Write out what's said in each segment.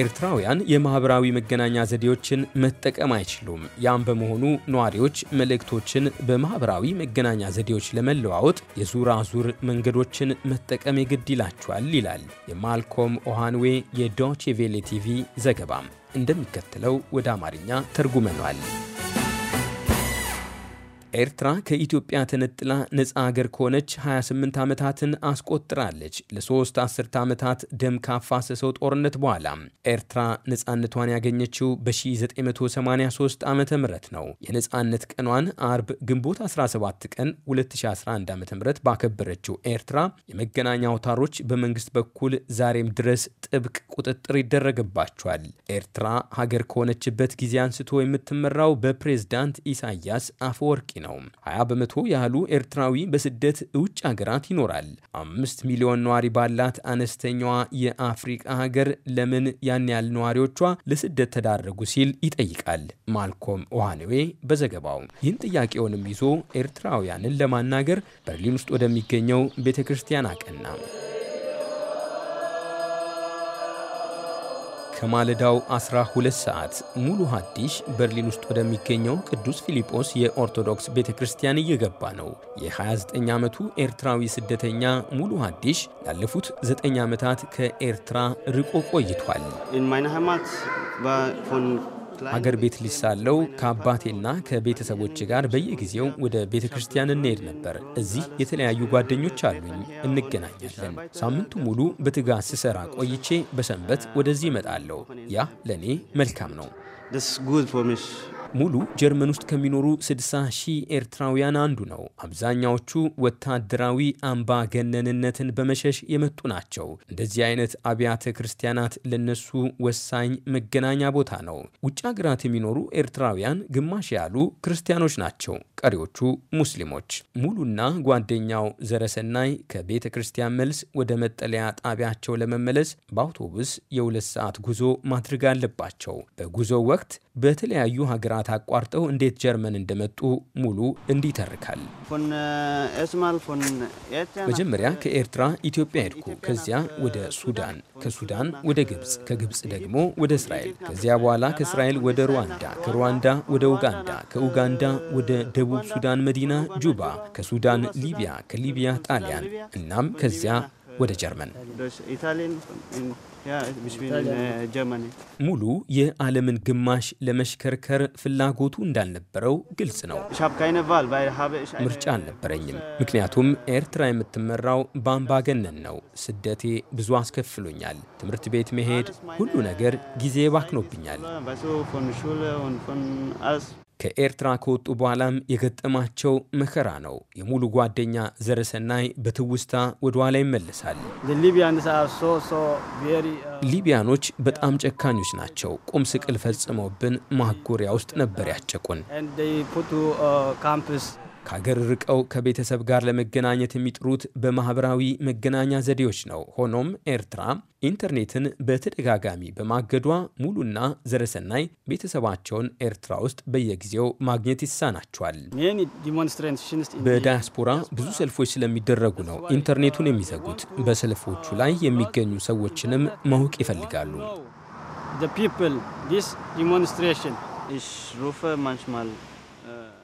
ኤርትራውያን የማኅበራዊ መገናኛ ዘዴዎችን መጠቀም አይችሉም። ያም በመሆኑ ነዋሪዎች መልእክቶችን በማኅበራዊ መገናኛ ዘዴዎች ለመለዋወጥ የዙራዙር መንገዶችን መጠቀም የግድ ይላቸዋል ይላል የማልኮም ኦሃንዌ የዶቼ ቬሌ ቲቪ ዘገባም እንደሚከተለው ወደ አማርኛ ተርጉመኗል። ኤርትራ ከኢትዮጵያ ተነጥላ ነፃ አገር ከሆነች 28 ዓመታትን አስቆጥራለች። ለሶስት አስርተ ዓመታት ደም ካፋሰሰው ጦርነት በኋላ ኤርትራ ነፃነቷን ያገኘችው በ1983 ዓ ም ነው። የነፃነት ቀኗን አርብ ግንቦት 17 ቀን 2011 ዓ ም ባከበረችው ኤርትራ የመገናኛ አውታሮች በመንግስት በኩል ዛሬም ድረስ ጥብቅ ቁጥጥር ይደረግባቸዋል። ኤርትራ ሀገር ከሆነችበት ጊዜ አንስቶ የምትመራው በፕሬዝዳንት ኢሳያስ አፈወርቂ ነው። 20 በመቶ ያህሉ ኤርትራዊ በስደት ውጭ ሀገራት ይኖራል። አምስት ሚሊዮን ነዋሪ ባላት አነስተኛዋ የአፍሪቃ ሀገር ለምን ያን ያህል ነዋሪዎቿ ለስደት ተዳረጉ ሲል ይጠይቃል ማልኮም ኦሃንዌ በዘገባው። ይህን ጥያቄውንም ይዞ ኤርትራውያንን ለማናገር በርሊን ውስጥ ወደሚገኘው ቤተ ክርስቲያን አቀና። ከማለዳው 12 ሰዓት ሙሉ ሀዲሽ በርሊን ውስጥ ወደሚገኘው ቅዱስ ፊልጶስ የኦርቶዶክስ ቤተ ክርስቲያን እየገባ ነው። የ29 ዓመቱ ኤርትራዊ ስደተኛ ሙሉ ሀዲሽ ላለፉት 9 ዓመታት ከኤርትራ ርቆ ቆይቷል። አገር ቤት ልጅ ሳለው ከአባቴና ከቤተሰቦች ጋር በየጊዜው ወደ ቤተ ክርስቲያን እንሄድ ነበር። እዚህ የተለያዩ ጓደኞች አሉኝ፣ እንገናኛለን። ሳምንቱ ሙሉ በትጋት ስሰራ ቆይቼ በሰንበት ወደዚህ እመጣለሁ። ያ ለእኔ መልካም ነው። ሙሉ ጀርመን ውስጥ ከሚኖሩ 60 ሺህ ኤርትራውያን አንዱ ነው። አብዛኛዎቹ ወታደራዊ አምባገነንነትን በመሸሽ የመጡ ናቸው። እንደዚህ አይነት አብያተ ክርስቲያናት ለነሱ ወሳኝ መገናኛ ቦታ ነው። ውጭ ሀገራት የሚኖሩ ኤርትራውያን ግማሽ ያሉ ክርስቲያኖች ናቸው፣ ቀሪዎቹ ሙስሊሞች። ሙሉና ጓደኛው ዘረሰናይ ከቤተ ክርስቲያን መልስ ወደ መጠለያ ጣቢያቸው ለመመለስ በአውቶቡስ የሁለት ሰዓት ጉዞ ማድረግ አለባቸው። በጉዞው ወቅት በተለያዩ ሀገራት ልማት አቋርጠው እንዴት ጀርመን እንደመጡ ሙሉ እንዲህ መጀመሪያ ከኤርትራ ኢትዮጵያ ሄድኩ። ከዚያ ወደ ሱዳን፣ ከሱዳን ወደ ግብፅ፣ ከግብፅ ደግሞ ወደ እስራኤል፣ ከዚያ በኋላ ከእስራኤል ወደ ሩዋንዳ፣ ከሩዋንዳ ወደ ኡጋንዳ፣ ከኡጋንዳ ወደ ደቡብ ሱዳን መዲና ጁባ፣ ከሱዳን ሊቢያ፣ ከሊቢያ ጣሊያን፣ እናም ከዚያ ወደ ጀርመን ሙሉ የዓለምን ግማሽ ለመሽከርከር ፍላጎቱ እንዳልነበረው ግልጽ ነው። ምርጫ አልነበረኝም፣ ምክንያቱም ኤርትራ የምትመራው በአምባገነን ነው። ስደቴ ብዙ አስከፍሎኛል። ትምህርት ቤት መሄድ፣ ሁሉ ነገር ጊዜ ባክኖብኛል። ከኤርትራ ከወጡ በኋላም የገጠማቸው መከራ ነው። የሙሉ ጓደኛ ዘረሰናይ በትውስታ ወደኋላ ይመለሳል። ሊቢያኖች በጣም ጨካኞች ናቸው። ቁም ስቅል ፈጽመውብን ማጎሪያ ውስጥ ነበር ያጨቁን። ከሀገር ርቀው ከቤተሰብ ጋር ለመገናኘት የሚጥሩት በማህበራዊ መገናኛ ዘዴዎች ነው። ሆኖም ኤርትራ ኢንተርኔትን በተደጋጋሚ በማገዷ ሙሉና ዘረሰናይ ቤተሰባቸውን ኤርትራ ውስጥ በየጊዜው ማግኘት ይሳናቸዋል። በዳያስፖራ ብዙ ሰልፎች ስለሚደረጉ ነው ኢንተርኔቱን የሚዘጉት። በሰልፎቹ ላይ የሚገኙ ሰዎችንም ማወቅ ይፈልጋሉ። ፒፕል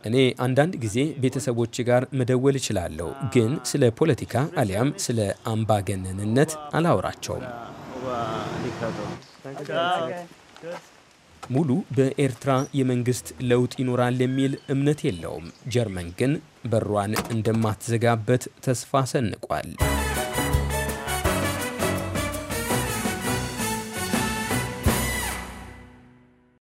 እኔ አንዳንድ ጊዜ ቤተሰቦች ጋር መደወል እችላለሁ፣ ግን ስለ ፖለቲካ አሊያም ስለ አምባገነንነት አላወራቸውም። ሙሉ በኤርትራ የመንግስት ለውጥ ይኖራል የሚል እምነት የለውም። ጀርመን ግን በሯን እንደማትዘጋበት ተስፋ ሰንቋል።